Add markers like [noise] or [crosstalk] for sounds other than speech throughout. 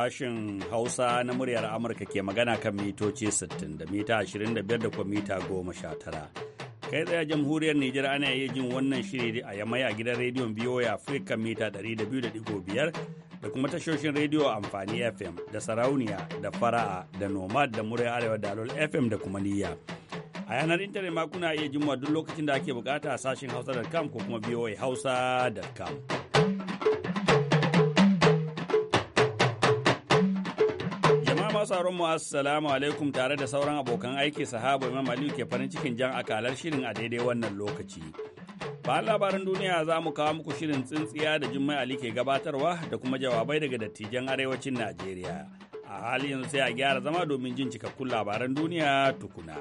sashen Hausa na muryar Amurka ke magana kan mitoci 60 da mita 25 da kuma mita 19. Kai tsaye jamhuriyar Nijar ana yi jin wannan shiri a yamai a gidan rediyon VOA Africa mita 200.5 da kuma tashoshin rediyo amfani FM da sarauniya da fara'a da nomad da muryar arewa da alol FM da kuma niyya. A yanar intanet ma kuna iya jin duk lokacin da ake bukata a sashen hausa.com ko kuma Hausa.com. sauran mu assalamu alaikum tare da sauran abokan aiki sahaba Imam Aliyu ke farin cikin jan akalar shirin a daidai wannan lokaci. Bayan labaran duniya za mu kawo muku shirin tsintsiya da Jummai Ali ke gabatarwa da kuma jawabai daga dattijan arewacin Najeriya. A hali yanzu sai a gyara zama domin jin cikakkun labaran duniya tukuna.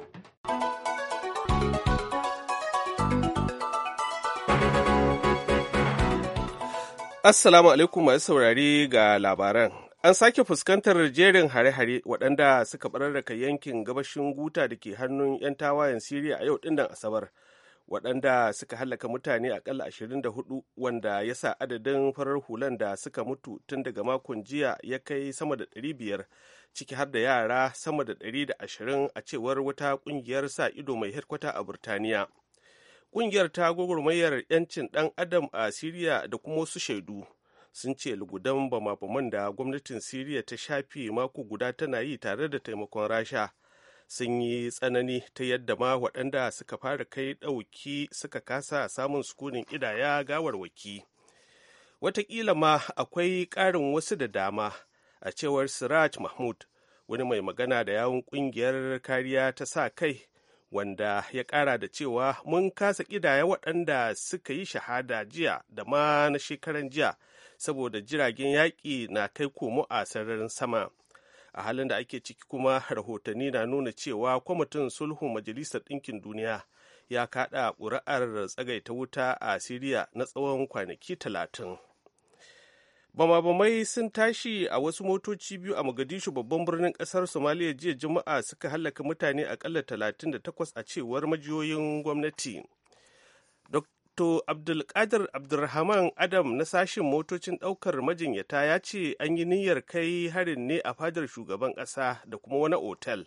Assalamu alaikum masu saurari ga labaran. An sake fuskantar jerin hare-hare waɗanda suka bararraka yankin gabashin guta da ke hannun 'yan tawayen Siriya a yau ɗinnan Asabar, waɗanda suka hallaka mutane ashirin da hudu, wanda ya sa adadin farar hulan da suka mutu tun daga makon jiya ya kai sama da ɗari biyar ciki har da yara sama da ɗari da ashirin a cewar wata ƙungiyar sa ido mai herkwata a Burtaniya. Ƙungiyar ta gwagwarmayar 'yancin ɗan adam a Siriya da kuma wasu shaidu. sun ce lugudan bama-baman da gwamnatin siriya ta shafi mako guda tana yi tare da taimakon rasha sun yi tsanani ta yadda ma waɗanda suka fara kai ɗauki suka kasa samun sukunin idaya gawarwaki Wataƙila ma akwai ƙarin wasu da dama a cewar siraj mahmud wani mai magana da yawun ƙungiyar kariya ta sa kai wanda ya ƙara da cewa mun kasa ƙidaya waɗanda suka yi shahada jiya da ma na shekaran jiya saboda jiragen yaƙi na kai komo a sararin sama a halin da ake ciki kuma rahotanni na nuna cewa kwamitin sulhu majalisar ɗinkin duniya ya kaɗa ƙuri'ar tsagaita wuta a siriya na tsawon kwanaki talatin bamabamai sun tashi a wasu motoci biyu a mogadishu babban birnin ƙasar somaliya jiya juma'a suka hallaka mutane akalla 38 a cewar majiyoyin gwamnati wato Abdulkadir Abdulrahman Adam na sashin motocin ɗaukar majinyata ya ce an yi niyyar kai harin ne a fadar shugaban ƙasa da kuma wani otal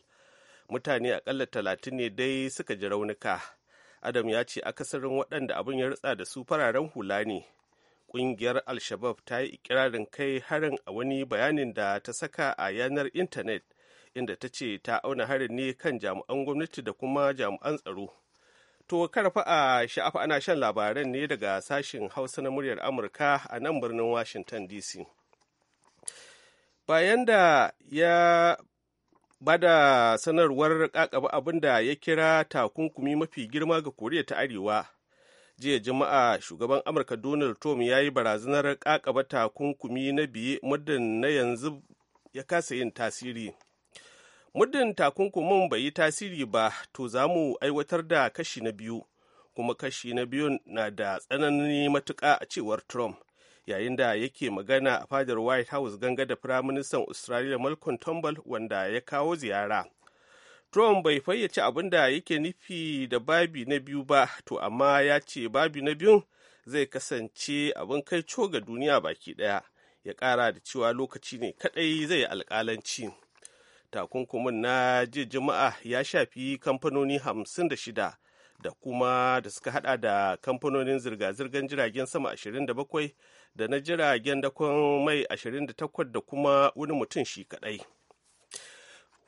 Mutane akalla talatin ne dai suka ji raunuka. Adam ya ce akasarin waɗanda abin ya ritsa da su fararen hula ne. Ƙungiyar Alshabab ta yi ikirarin kai harin a wani bayanin da ta saka a yanar intanet inda ta ce ta auna harin ne kan jami'an gwamnati da kuma jami'an tsaro. To karfa a sha'afa ana shan labaran ne daga sashen Hausa na muryar Amurka a nan birnin Washington DC. Bayan da ya bada sanarwar kakaba abin da ya kira takunkumi mafi girma ga Koriya ta Arewa. Jiya Juma'a shugaban Amurka Donald Trump ya yi barazanar kakaba takunkumi na biye muddin na yanzu ya kasa yin tasiri. muddin takunkumin bai yi tasiri ba to za mu aiwatar da kashi na biyu kuma kashi na biyu na da tsanani matuka a cewar trump yayin da yake magana a fadar white house ganga da firaministan australia malcolm turnbull wanda ya kawo ziyara trump bai fayyace abin da yake nufi da babi na biyu ba to amma ya ce babi na biyun zai kasance abin kai ga duniya baki daya ya kara da cewa lokaci ne kadai zai yi alkalanci takunkumin na jiya juma'a ya shafi kamfanoni 56 da kuma da suka hada da kamfanonin zirga-zirgar jiragen sama 27 da na jiragen dakon mai 28 da kuma wani mutum shi kadai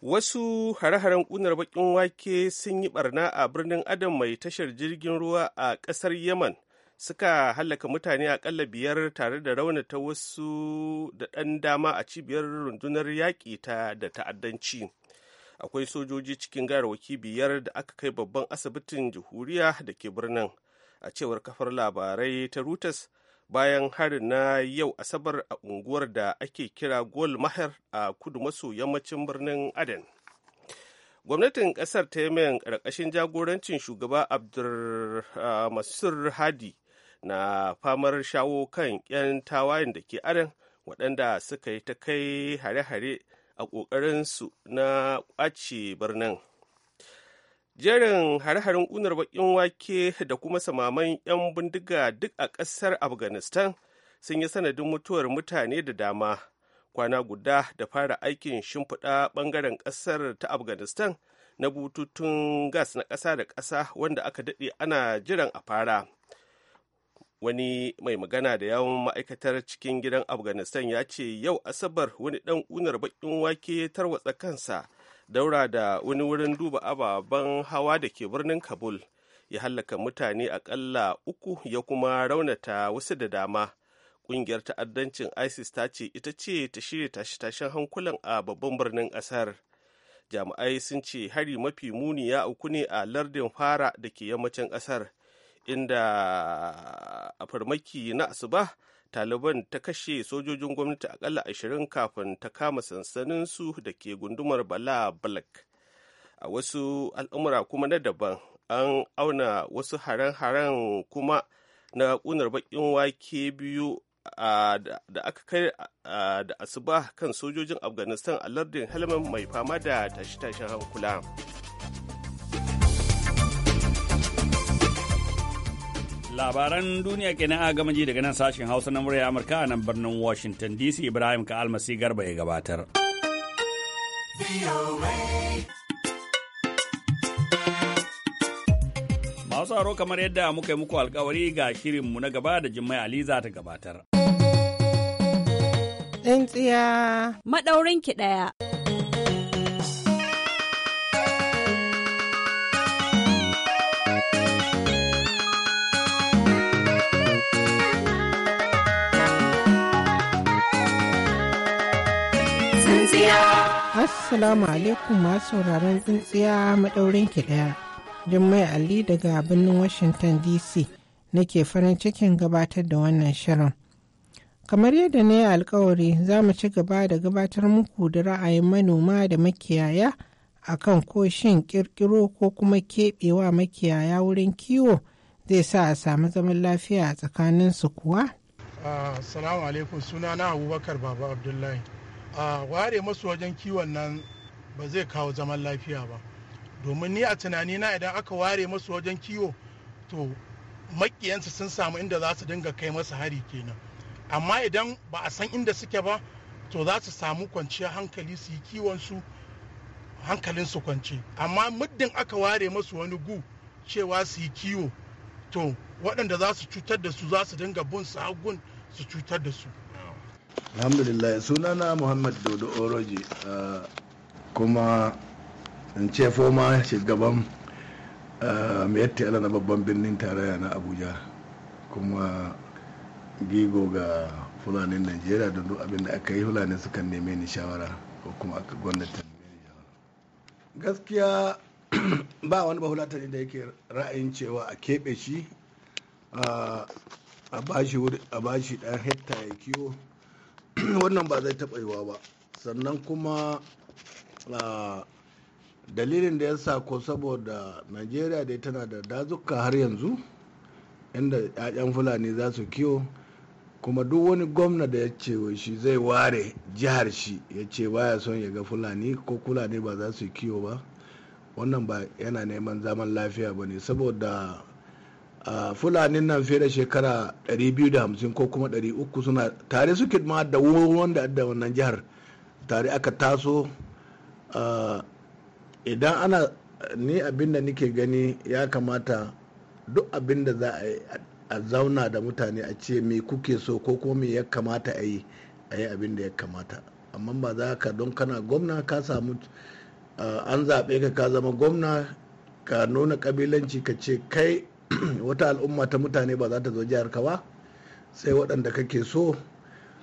wasu hare-haren kunar bakin wake sun yi barna a birnin adam mai tashar jirgin ruwa a kasar yaman suka hallaka mutane akalla biyar tare da raunata wasu da ɗan dama a cibiyar rundunar yaƙi ta da ta'addanci akwai sojoji cikin gayarwaki biyar da aka kai babban asibitin jihuriya da ke birnin a cewar kafar labarai ta reuters bayan harin na yau asabar a unguwar da ake kira gol maher a kudu maso yammacin birnin aden gwamnatin kasar ta yi mayan ƙarƙashin jagorancin shugaba ah, masur hadi na famar shawo kan 'yan tawayen da ke adan waɗanda suka yi ta kai hare-hare a ƙoƙarinsu na ƙwace birnin jerin hare-haren ƙunar baƙin wake da kuma samaman 'yan bindiga duk a ƙasar afghanistan sun yi sanadin mutuwar mutane da dama kwana guda da fara aikin shimfiɗa ɓangaren ƙasar ta afghanistan na bututun gas na ƙasa da ƙasa wanda aka daɗe ana jiran a fara wani mai magana da yawon ma'aikatar cikin gidan afghanistan ya ce yau asabar wani dan unar bakin wake tarwatsa kansa daura da wani wurin duba ababen hawa da ke birnin kabul ya hallaka mutane akalla uku ya kuma raunata wasu da dama kungiyar ta'addancin isis ta ce ita ce ta shirya tashe-tashen hankulan a babban birnin ƙasar jami'ai sun ce hari mafi muni ya uku ne a lardin fara da ke yammacin ƙasar inda a farmaki na asuba taliban ta kashe sojojin gwamnati akalla ashirin kafin ta kama sansanin su da ke gundumar bala balak a wasu al'amura kuma na daban an auna wasu haren-haren kuma na kunar bakin wake biyu da aka kai da asuba kan sojojin afghanistan a lardin helmand mai fama da tashe-tashen hankula. Labaran duniya kenan a gama ji daga nan sashen Hausa na murya Amurka a nan birnin Washington DC Ibrahim ka almasi garba ya gabatar. Masu aro kamar yadda muka yi muku alkawari ga shirinmu na gaba da Jummai Ali za ta gabatar. Tsintsiya. Maɗaurinki ɗaya. tsintsiya. Assalamu alaikum masu sauraron tsintsiya maɗaurin ki ɗaya. Jummai Ali daga birnin Washington DC nake farin cikin gabatar da wannan shirin. Kamar yadda na yi alkawari za mu ci gaba da gabatar muku da ra'ayin manoma da makiyaya akan ko shin kirkiro ko kuma keɓewa makiyaya wurin kiwo zai sa a samu zaman lafiya a tsakaninsu kuwa? Ah, assalamu alaikum suna na Abubakar Baba Abdullahi. a ware masu wajen kiwon nan ba zai kawo zaman lafiya ba domin ni a tunani na idan aka ware masu wajen kiwo to makiyansu sun samu inda za su dinga kai masa hari kenan amma idan ba a san inda suke ba to za su samu kwanciyar hankali su yi kiwon su hankalin su kwanci amma muddin aka ware masu wani gu cewa su yi kiwo to waɗanda za su cutar da su za su dinga bin su su cutar da su alhamdulillah sunana muhammad dodo oroji uh, kuma in ce foma shugaban uh, mai ala na babban birnin tarayya na abuja kuma gigo ga fulanin najeriya don duk abinda aka yi fulani suka neme ni shawara ko kuma aka gwamnati neme ni shawara gaskiya [clears throat] ba wani bahulatani da yake ra'ayin cewa a keɓe shi uh, a bashi ɗan hekta ya kiwo [clears throat] wannan ba zai taɓa yiwa ba sannan kuma dalilin da ya sa ko saboda najeriya dai tana da dazuka har yanzu inda 'ya'yan fulani za su kiwo kuma duk wani gwamna da ya ce shi zai ware jihar shi ya ce baya son ya ga fulani ko fulani ba za su kiwo ba wannan ba yana neman zaman lafiya ba ne saboda fulani nan fiye da shekara 250 ko kuma 300 suna tare suke ma da wanda da wannan jihar tare aka taso idan ana ni abinda nike gani ya kamata duk abinda za a yi a zauna da mutane a ce me kuke so ko kuma me ya kamata a yi a yi abinda ya kamata amma ba za ka don kana gwamna ka samu an zaɓe ka ka zama gwamna ka nuna kabilanci ka ce kai [clears throat] wata al'umma ta mutane ba za ta zo jihar ka ba sai waɗanda kake so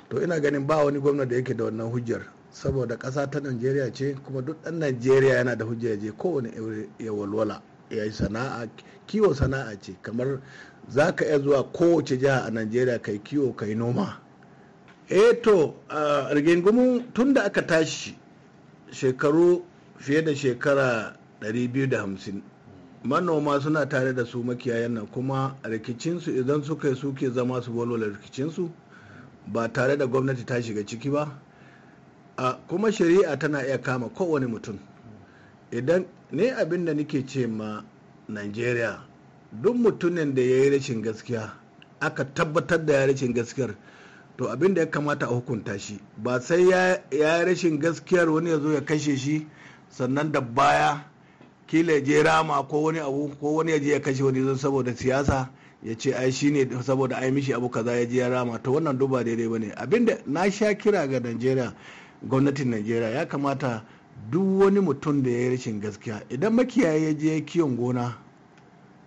to ina ganin ba wani gwamna da yake da wannan hujjar saboda ƙasa ta najeriya ce kuma duk ɗan najeriya yana da hujjar je kowane ya walwala ya yi sana'a kiwo sana'a ce kamar za ka iya zuwa kowace jiha a najeriya kai kiwo kai noma eh to rigingumu tun da aka tashi shekaru fiye da shekara 250 manoma suna tare da su makiyayan nan kuma rikicinsu idan suka yi suke zama su walwala rikicinsu ba tare da gwamnati ta shiga ciki ba a kuma shari'a tana iya kama kowane mutum idan ne abin da nike ce ma nigeria duk mutumin da ya yi rashin gaskiya aka tabbatar da ya rashin gaskiyar to abin da ya kamata a hukunta shi ba sai ya yi rashin gaskiyar wani ya zo ya kashe shi sannan da baya kila je rama ko wani abu ko wani ya ya kashe wani don saboda siyasa ya ce ai shi ne saboda ai mishi abu kaza ya je ya rama to wannan duba daidai ba ne abinda na sha kira ga Najeriya gwamnatin Najeriya ya kamata duk wani mutum da ya yi rashin gaskiya idan makiyaye ya je kiyon gona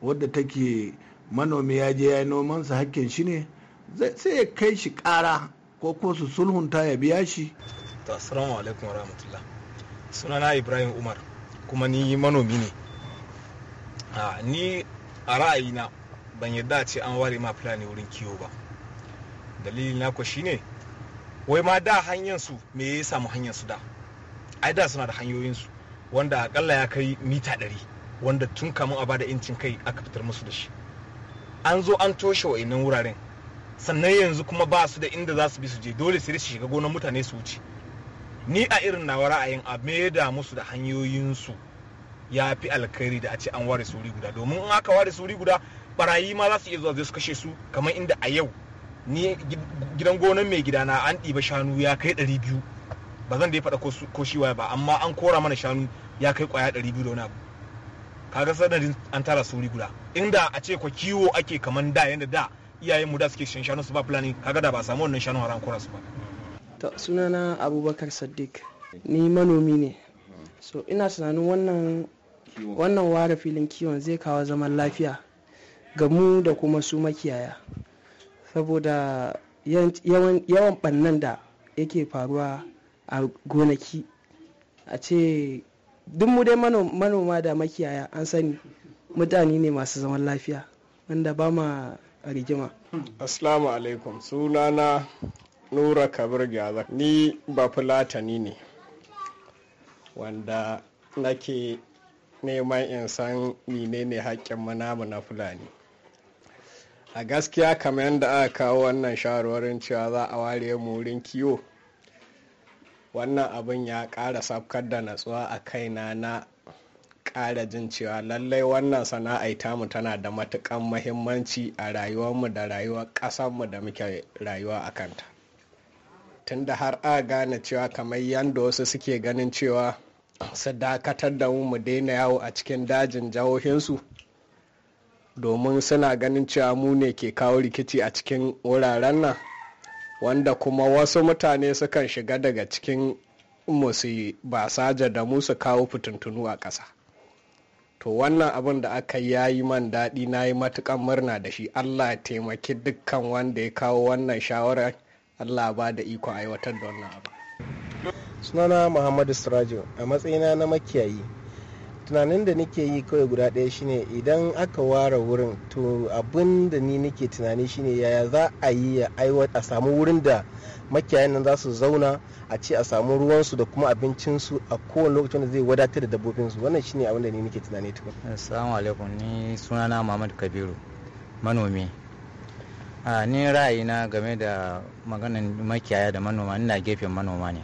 wadda take manomi ya je ya yi nomansa hakkin shi ne sai ya kai shi kara ko ko su sulhunta ya biya shi assalamu alaikum warahmatullah sunana ibrahim umar kuma ni manomi ne ni a ra'ayina ban yarda ce an ware ma fulani wurin kiwo ba dalili na shine wai ma da hanyar su me ya samu hanyar su da ai da suna da hanyoyin su wanda akalla ya kai mita ɗari wanda tun kamun a bada incin kai aka fitar musu da shi an zo an toshe wa'innan wuraren sannan yanzu kuma ba su da inda za su bi su je dole su shiga gonar mutane su wuce ni a irin nawa ra'ayin a da musu da hanyoyinsu ya fi alkhairi da a ce an ware suri guda domin in aka ware suri guda barayi ma za su iya zuwa zai su kashe su kamar inda a yau ni gidan gonan mai gida na an ɗiba shanu ya kai ɗari biyu ba zan da ya faɗa ko shi ba amma an kora mana shanu ya kai ƙwaya ɗari biyu da wani abu kaga sanadin an tara suri guda inda a ce kwa kiwo ake kamar da yadda da iyayen mu da suke shan shanu su ba fulani kaga da ba samu wannan shanu an kora su ba ta sunana Abubakar Sadiq. Ni manomi ne. So ina tunanin wannan ware filin kiwon zai kawo zaman lafiya ga mu da kuma su makiyaya. Saboda yawan ɓannan da yake faruwa a gonaki a ce duk mu dai manoma da makiyaya an sani mutane ne masu zaman lafiya wanda ba ma rigima. Assalamu alaikum sunana nura kabir gyaza ni ba fulatani ne wanda nake neman in san menene haƙƙin manamu na fulani a gaskiya kamar yadda aka kawo wannan shawarwarin cewa za a ware mu wurin kiwo wannan abin ya ƙara safkar da natsuwa a kaina na ƙara jin cewa lallai wannan sana'a mu tana da matuƙan mahimmanci a rayuwarmu da rayuwar ƙasarmu da muke rayuwa a kanta Tun da har a gane cewa kamar yadda wasu suke ganin cewa su dakatar da mu mu daina yawo a cikin dajin jihohinsu domin suna ganin cewa mu ne ke kawo rikici a cikin wuraren nan wanda kuma wasu mutane sukan shiga daga cikin musu basaja da mu su kawo fitintunu a ƙasa to wannan abin da aka yayi man daɗi na yi matuƙan murna da shi allah ya taimaki dukkan wanda ya kawo wannan shawarar allah ba da ikon aiwatar da wannan abu sunana muhammadu surajo a matsayina na makiyayi tunanin da nake yi kawai guda ɗaya shine idan aka ware wurin to abin da ni nake tunani shine yaya za a yi a samu wurin da makiyayan nan za su zauna a ce a samu ruwansu da kuma abincinsu a kowane lokacin da zai wadatar da dabbobinsu wannan shine abin da ni nake tunani tukun assalamu alaikum ni sunana muhammad kabiru manomi a ni ra'ayina game da maganin makiyaya da manoma ina gefen manoma ne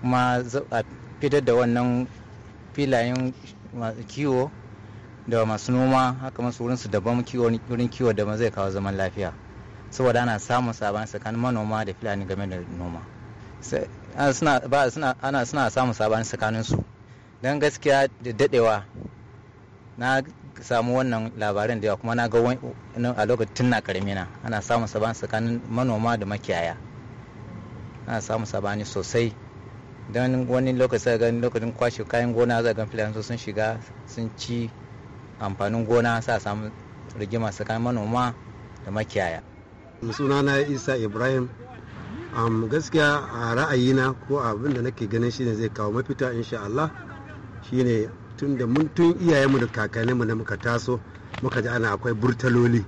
kuma a fitar da wannan filayen kiwo da masu noma haka masu wurin su daban wurin kiwo da zai kawo zaman lafiya saboda ana samun sabani tsakanin manoma da filani game da noma ana suna samun sabani tsakanin su don gaskiya da dadewa na samu wannan labarin da yawa kuma na ga a lokacin na karami na ana samun sabani tsakanin manoma da makiyaya ana samun sabani sosai don wani lokaci ga lokacin kwashe kayan gona za ga filayen sun shiga sun ci amfanin gona sa samu rigima tsakanin manoma da makiyaya sunana isa ibrahim um, gaskiya a ra'ayina ko abin da nake ganin shi shine zai kawo mafita insha Allah shine tun da mun tun iyayenmu da kakanninmu da muka taso muka ji ana akwai burtaloli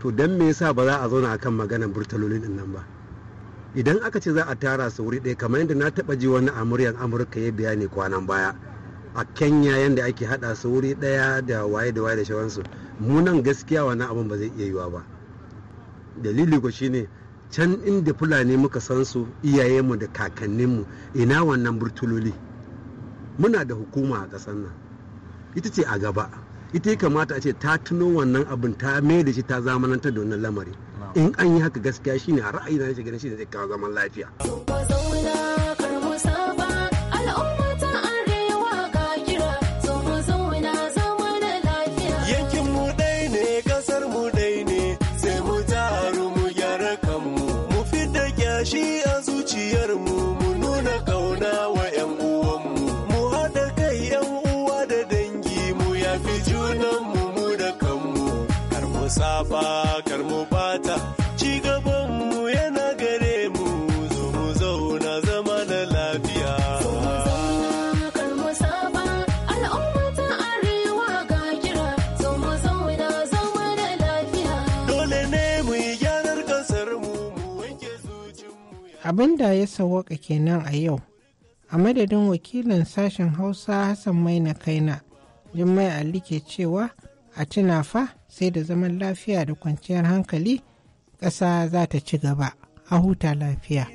to don me yasa ba za a zauna akan maganar burtaloli din nan ba idan aka ce za a tara su wuri ɗaya kamar yadda na taɓa ji wani amuryan amurka ya biya ne kwanan baya a kenya yadda ake haɗa su wuri ɗaya da waye da waye da shawansu munan gaskiya wannan abin ba zai iya yiwa ba dalili ko shine can inda fulani muka san su iyayenmu da kakanninmu ina wannan burtuloli muna da hukuma a ƙasar nan ita ce a gaba ita ya kamata a ce ta tuno wannan abin ta mai da shi ta zamanantar da wannan lamari in an yi haka gaskiya shine a ra'ayi na shi ganin shi ne zai kawo zaman lafiya ba kar mu bata ci gaban mu yana gare mu zo mu zauna zama na lafiya Abin da ya sawaka kenan a yau, a madadin wakilin sashen Hausa Hassan Maina Kaina, Jummai Ali ke cewa a tuna fa sai da zaman lafiya da kwanciyar hankali ƙasa za ta ci gaba a huta lafiya.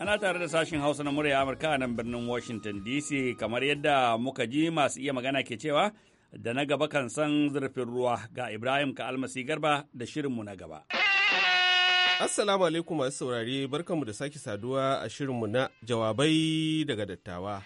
Ana tare da sashen Hausa na murya Amurka a nan birnin Washington DC kamar yadda muka ji masu iya magana ke cewa da na gaba kan san zurfin ruwa ga Ibrahim ka almasi garba da shirinmu na gaba. Assalamu alaikum masu saurare barkanmu da sake saduwa a shirinmu na jawabai daga dattawa.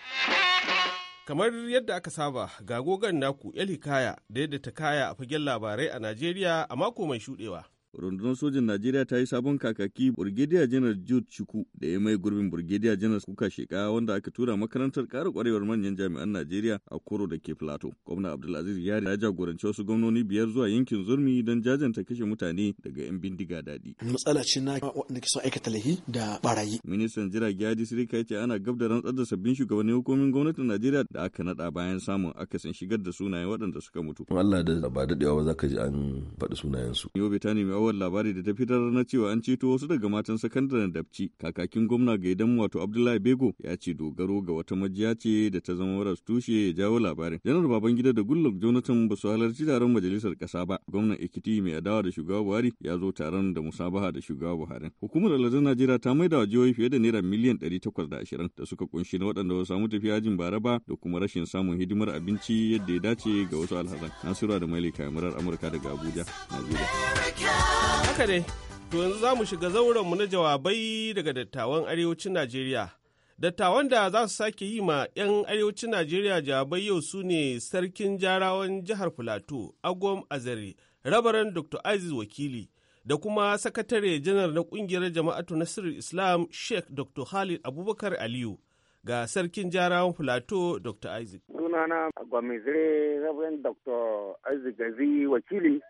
Kamar yadda aka saba ga gogon naku ya Hikaya da yadda ta kaya a fagen labarai a Najeriya a mako mai shudewa. rundunar sojin Najeriya ta yi sabon kakaki burgidiya Janar Jude Chukwu da ya mai gurbin Burgediya Janar Kuka Sheka wanda aka tura makarantar ƙara kwarewar manyan jami'an Najeriya a Koro da ke Plateau. Gwamna Abdulaziz Yari ya jagoranci wasu gwamnoni biyar zuwa yankin Zurmi don jajanta kashe mutane daga 'yan bindiga daɗi. Matsala ce na waɗanda ke son aikata lahi da barayi. Ministan jirage Hadi Sirika ya ce ana gab da rantsar da sabbin shugabannin hukumomin gwamnatin Najeriya da aka naɗa bayan samun akasin shigar da sunayen waɗanda suka mutu. Allah da ba daɗewa ba za ka ji an faɗi sunayensu. Yobe ta sha'awar labari da ta fitar na cewa an ceto wasu daga matan sakandaren dabci kakakin gwamna ga idan wato abdullahi bego ya ce dogaro ga wata majiya ce da ta zama waras tushe ya jawo labarin janar babangida da gullok jonathan ba su halarci taron majalisar kasa ba gwamnan ekiti mai adawa da shugaba buhari ya zo taron da musabaha da shugaba buhari hukumar aladun najeriya ta maida wa jihohi fiye da naira miliyan ɗari takwas da ashirin da suka kunshi na waɗanda ba samu tafiya jin bara ba da kuma rashin samun hidimar abinci yadda ya dace ga wasu alhazan nasiru da mailika murar amurka daga abuja najeriya Haka dai to yanzu za mu shiga zauren mu na jawabai daga dattawan arewacin Najeriya. Dattawan da za su sake yi ma 'yan arewacin Najeriya jawabai yau su ne Sarkin Jarawan Jihar Filato, agom Azare, Rabaran Dr. Aziz Wakili, da kuma Sakatare Janar na Ƙungiyar Jama'atu Nasiru Islam Sheikh Dr. Khalid Abubakar Aliyu. ga sarkin jarawan filato dr isaac sunana gwamizire rabin dr isaac gazi wakili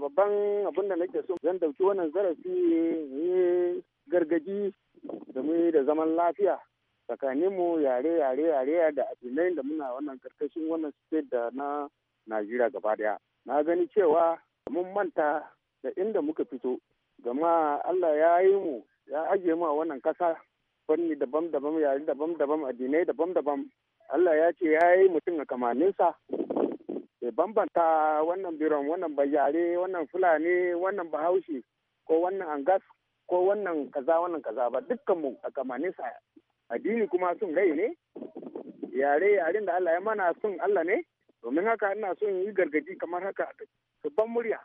Babban abin da nake so zan dauki wannan zarafi ne gargaji da mu da zaman lafiya tsakaninmu yare yare yare da addinai da muna wannan karkashin wannan state da na Najeriya gaba daya. Na gani cewa mun manta da inda muka fito gama Allah ya yi mu ya ajiye mu a wannan kasa fanni daban-daban yare daban-daban addinai daban-daban Allah ya ce ya yi mutum a kamaninsa Eh, bambanta wannan biron wannan bayare wannan fulani wannan bahaushe ko wannan angas ko wannan kaza wannan kaza ba dukkanmu a kamanin sa addini kuma sun rai ne yare yaren da Allah ya mana sun Allah ne domin haka ina son yi gargaji kamar haka su ban murya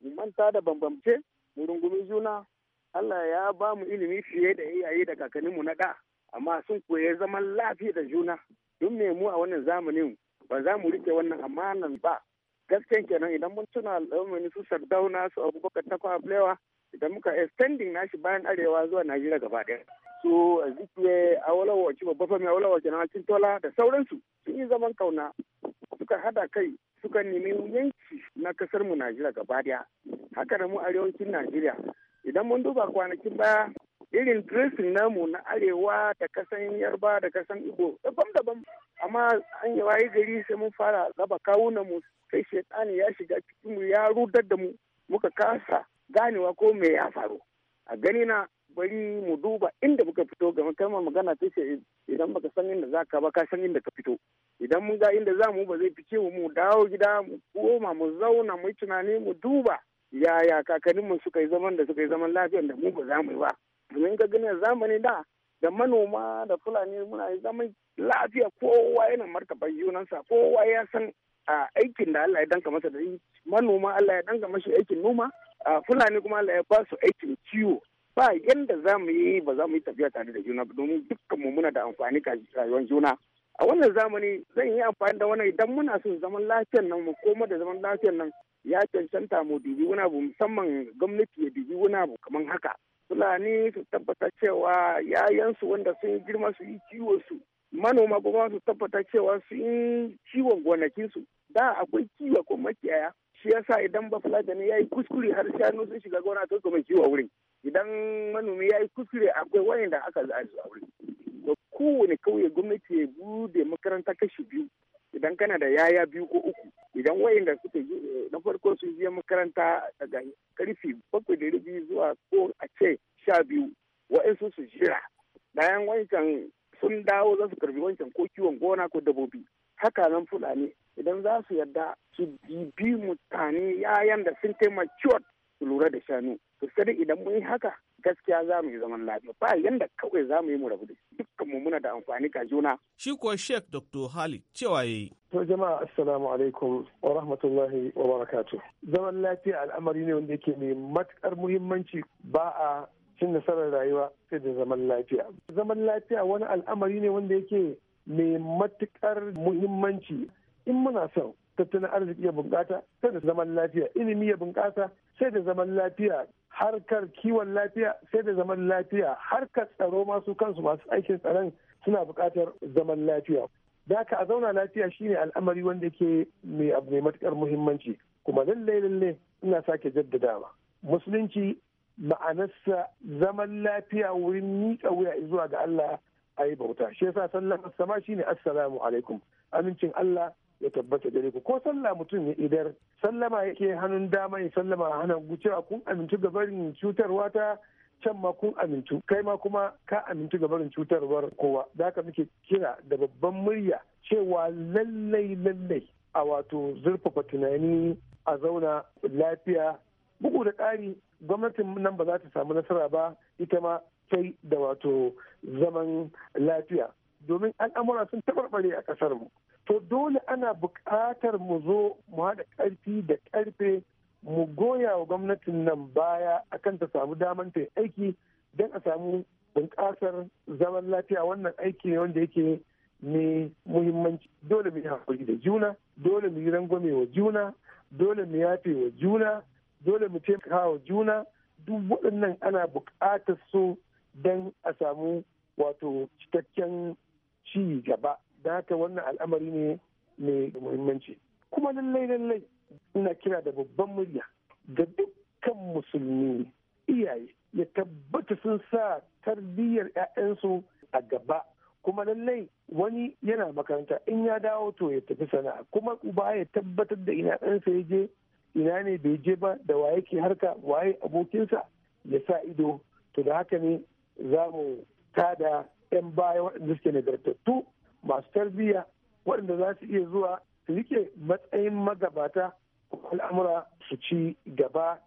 mu manta da bambamce mu rungumi juna Allah ya ba mu ilimi fiye da iyaye da kakanninmu na da amma sun koye zaman lafiya da juna don me mu a wannan zamanin ba za mu rike wannan amanan ba gaskiyan kenan idan mun tuna al'ummani su sardauna su abubakar ta idan muka extending nashi bayan arewa zuwa najeriya gaba daya su zikiye awolowo wacce babba fami awolowo kenan cin tola da sauransu sun yi zaman kauna suka hada kai suka nemi yanki na kasar mu najeriya gaba daya haka da mu arewacin najeriya idan mun duba kwanakin baya irin dressing namu na arewa da kasan yarba da kasan igbo daban-daban amma an yi waye gari sai mun fara raba kawunan mu sai shekani ya shiga cikin mu ya rudar da mu muka kasa ganewa ko me ya faru a gani na bari mu duba inda muka fito ga kalmar magana ta ce idan baka san inda za ka ba ka san inda ka fito idan mun ga inda za mu ba zai fice mu mu dawo gida mu koma mu zauna mu yi tunani mu duba yaya kakanninmu suka yi zaman da suka yi zaman lafiyar da mu ba za mu yi ba domin ga zamani da da manoma da fulani muna zaman lafiya kowa yana martaba junansa kowa ya san aikin da Allah ya danka masa da yi manoma Allah ya danka masa aikin noma fulani kuma Allah ya ba su aikin ciwo ba yanda za mu yi ba za mu yi tafiya tare da juna domin dukkan mu muna da amfani ga rayuwar juna a wannan zamani zan yi amfani da wannan idan muna son zaman lafiyar nan mu koma da zaman lafiyar nan ya cancanta mu dubi wani abu musamman gwamnati ya dubi wani abu kamar haka fulani su tabbata cewa yayansu wanda sun girma su yi su manoma kuma su tabbata cewa sun yi gonakin su da akwai kiwo ko makiyaya shi yasa idan ba fulani ya yi kuskure har shanu sun shiga gona to mai kiwo wurin idan manomi ya yi kuskure akwai wayanda aka za a wurin ko kowane kauye gwamnati ya bude makaranta kashi biyu idan kana da yaya biyu ko uku idan wayanda suka yi eh, na farko sun je makaranta daga karfi bakwai da rubi zuwa ko a ce sha biyu wa'insu su jira bayan wancan sun dawo za su karbi wancan ko kiwon gona ko dabobi haka nan fulani idan za su yarda su bibi mutane yayan da sun kai su lura da shanu sai idan mun yi haka gaskiya za mu yi zaman lafiya ba yanda kawai za mu yi mu rabu da dukkan mu muna da amfani ga juna shi kuwa sheikh dr hali cewa yayi to jama'a assalamu alaikum wa rahmatullahi wa barakatuh zaman lafiya al'amari ne wanda yake mai matukar muhimmanci ba a cin nasarar rayuwa sai da zaman lafiya zaman lafiya wani al'amari ne wanda yake mai matukar muhimmanci in muna son tattalin arziki ya bunƙasa sai da zaman lafiya ilimi ya bunƙasa sai da zaman lafiya harkar kiwon lafiya sai da zaman lafiya harkar tsaro masu kansu masu aikin tsaron suna buƙatar zaman lafiya da a zauna lafiya shine al'amari wanda ke mai abu mai matukar muhimmanci kuma lallai lallai ina sake jaddadawa musulunci ma'anarsa zaman lafiya wurin miƙa wuya zuwa ga Allah a yi bauta shi yasa sallamar sama shine assalamu alaikum amincin Allah ya tabbata gare ku ko sallah mutum ya idar sallama yake hannun dama ya sallama hannun gucewa kun amintu gabarin cutarwa ta can ma kun amintu kai ma kuma ka amintu gabarin cutarwar kowa da ka muke kira da babban murya cewa lallai lallai a wato zurfafa tunani a zauna lafiya bugu da ƙari gwamnatin nan ba za ta samu nasara ba ita ma sai da wato zaman lafiya domin al'amura sun tabarbare a ƙasar mu to dole ana bukatar mu zo mu haɗa ƙarfi da ƙarfe mu goya wa gwamnatin nan baya akan ta samu damar ta aiki don a samu bunƙasar zaman lafiya wannan aiki ne wanda yake mai muhimmanci dole mu yi haƙuri da juna dole mu yi rangwame wa juna dole mu yafe wa juna dole mu taimaka wa juna duk waɗannan ana buƙatar su don a samu wato cikakken ci gaba da haka wannan al'amari ne mai muhimmanci kuma lallai lallai ina kira da babban murya ga dukkan musulmi iyaye ya tabbata sun sa tarbiyyar 'ya'yansu a gaba kuma lallai wani yana makaranta in ya dawo to ya tafi sana'a kuma uba ya tabbatar da ina ɗansa ya je ina ne bai je ba da waye ke harka waye abokinsa ya sa ido to da haka ne za mu tada 'yan baya waɗanda suke nagartattu masu tarbiyya waɗanda za su iya zuwa su rike matsayin magabata al'amura su ci gaba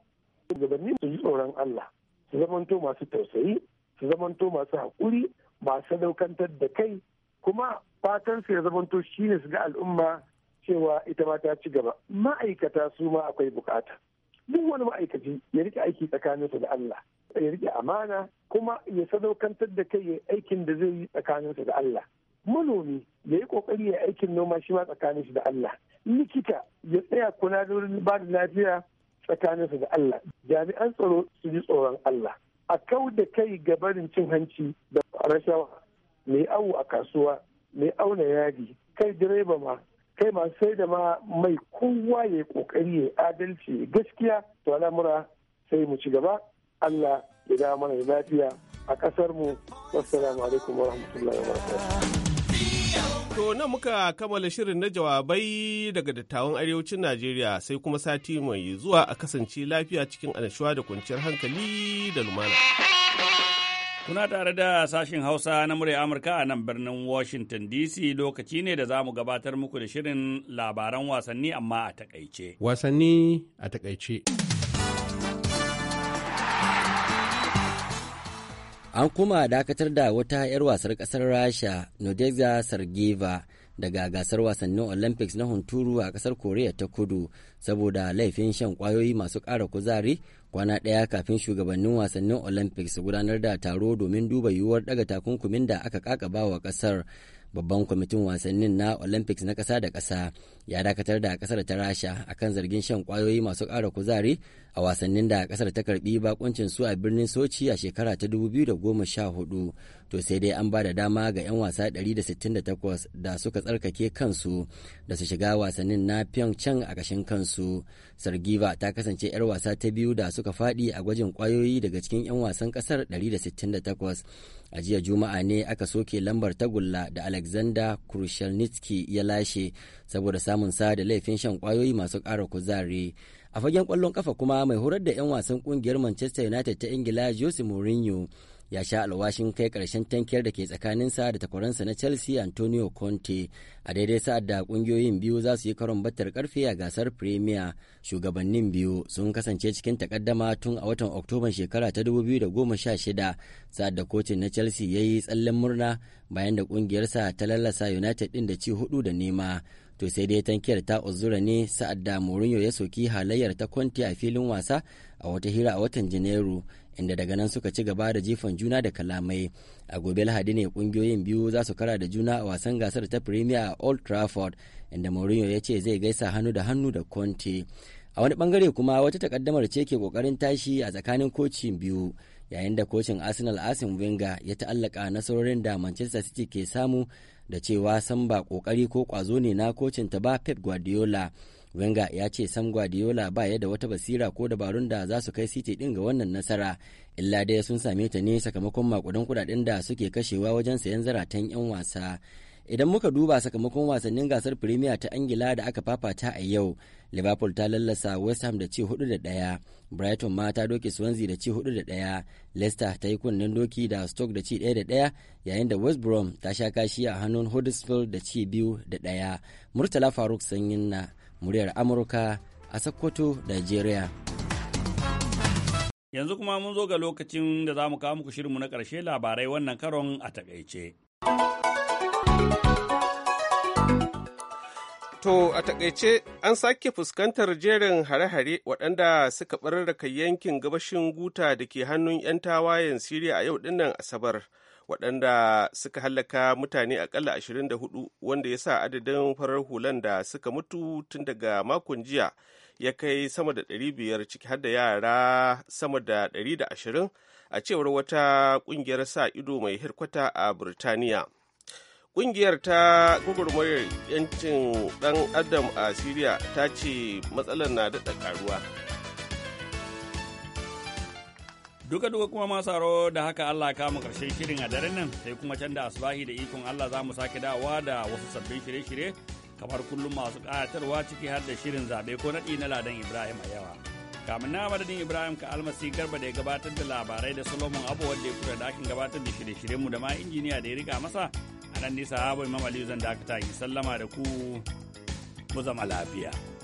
gabanni su ji tsoron Allah su zamanto masu tausayi su zamanto masu haƙuri masu sadaukantar da kai kuma fatan su ya zamanto shine su ga al'umma cewa ita ma ta ci gaba ma'aikata su ma akwai bukata duk wani ma'aikaci ya rike aiki tsakaninsu da Allah ya rike amana kuma ya sadaukantar da kai ya aikin da zai yi tsakaninsa da Allah manomi ya yi kokari ya aikin noma shi ma tsakanin shi da Allah likita ya tsaya kuna wurin ba da lafiya tsakanin su da Allah jami'an tsaro su ji tsoron Allah a kau da kai gabarin cin hanci da rashawa mai awu a kasuwa mai auna yadi kai direba ma kai masu sai da ma mai kowa ya kokari ya adalci gaskiya to al'amura sai mu ci gaba Allah ya da mana lafiya a kasar mu wassalamu alaikum warahmatullahi wabarakatuh To nan muka kammala shirin na jawabai daga dattawan arewacin Najeriya sai kuma sati mai zuwa a kasance lafiya cikin annashuwa da kwanciyar hankali da lumana. Kuna tare da sashin Hausa na murya Amurka a nan birnin Washington DC lokaci ne da za mu gabatar muku da shirin labaran wasanni amma a takaice. Wasanni a takaice. an kuma dakatar da wata 'yar wasar kasar rasha nadezhda sargeva daga gasar wasannin olympics na hunturu a kasar korea ta kudu saboda laifin shan kwayoyi masu ƙara kuzari kwana ɗaya kafin shugabannin wasannin olympics gudanar da taro domin duba yiwuwar daga takunkumin da aka kakaba wa kasar babban kwamitin wasannin na olympics na kasa da kasa ya dakatar da kasar ta rasha a kan zargin shan kwayoyi masu ƙara kuzari a wasannin da kasar ta karbi bakuncin su a birnin sochi a shekara ta 2014 to sai dai an ba da dama ga 'yan wasa 168 da suka tsarkake kansu da su shiga wasannin na pyeongchang a ƙashin kansu sargiva ta kasance 'yar wasa ta biyu da suka faɗi a gwajin kwayoyi daga cikin 'yan wasan kasar 168 a jiya juma'a ne aka soke lambar tagulla da alexander krushelnitsky ya lashe saboda samun sa da laifin shan kwayoyi masu ƙara kuzari a fagen kwallon kafa kuma mai horar da 'yan wasan kungiyar manchester united ta ingila jose mourinho ya sha alwashin kai karshen tankiyar da ke tsakanin tsakaninsa da takwaransa na chelsea antonio conte a daidai sa'ad da kungiyoyin biyu za su yi karon battar karfe a gasar premier shugabannin biyu sun kasance cikin takaddama tun a watan oktoban shekara ta 2016 sa'ad da kocin na chelsea ya yi tsallen murna bayan da sa ta lallasa united ɗin da ci hudu da nema to sai dai tankiyar ta uzura ne sa'ad da Mourinho ya soki halayyar ta conte a filin wasa a wata hira a watan Janairu inda daga nan suka ci gaba da jifan juna da kalamai a gobe lahadi ne kungiyoyin biyu za su kara da juna a wasan gasar ta premier a old trafford inda mourinho ya ce zai gaisa hannu da hannu da conte a wani bangare kuma wata takaddamar ce ke kokarin tashi a tsakanin kocin biyu yayin da kocin arsenal asim wenger ya ta'allaka nasarorin da manchester city ke samu da cewa san ba kokari ko kwazo ne na kocin ta ba pep guardiola Wenger ya ce Sam Guardiola ba ya da wata basira ko dabarun da za su kai City din ga wannan nasara. Illa dai sun same ta ne sakamakon makudan kudaden da suke kashewa wajen sayan zaratan 'yan wasa. Idan muka duba sakamakon wasannin gasar Premier ta Angila da aka fafata a yau, Liverpool ta lallasa West Ham da ci hudu da ɗaya, Brighton ma ta doke Swansea da ci hudu da daya Leicester ta yi kunnen doki da Stoke da ci 1 da daya yayin da West Brom ta sha kashi a hannun Huddersfield da ci biyu da daya Murtala Faruk Sanyin na muryar amurka a sokoto nigeria yanzu kuma mun zo ga lokacin da za mu kawo muku shirinmu na ƙarshe labarai wannan karon a takaice. To a takaice an sake fuskantar jerin hare-hare waɗanda suka ɓararraka yankin gabashin guta da ke hannun 'yan tawayen Siriya a yau dinnan Asabar. waɗanda suka hallaka mutane akalla 24 wanda ya sa adadin farar hulan da suka mutu tun daga makon jiya ya kai sama da 500 ciki har da yara sama da 120 a cewar wata ƙungiyar sa ido mai hirkwata a Burtaniya. Ƙungiyar ta gugurmayar yancin ɗan adam a Siriya ta ce matsalar na daɗa ƙaruwa. Duka duka kuma masu haro da haka Allah ka mu karshen shirin a daren nan sai kuma can da asbahi da ikon Allah za mu sake dawowa da wasu sabbin shirye-shirye kamar kullum masu ƙayatarwa ciki har da shirin zaɓe ko naɗi na Ladan Ibrahim a yawa. Kamin na madadin Ibrahim ka almasi garba da ya gabatar da labarai da Solomon Abu wanda ya kura da akin gabatar da shirye-shiryenmu da ma injiniya da ya riga masa a nan nisa Abu Imam Aliyu zan dakata yi sallama da ku mu zama lafiya.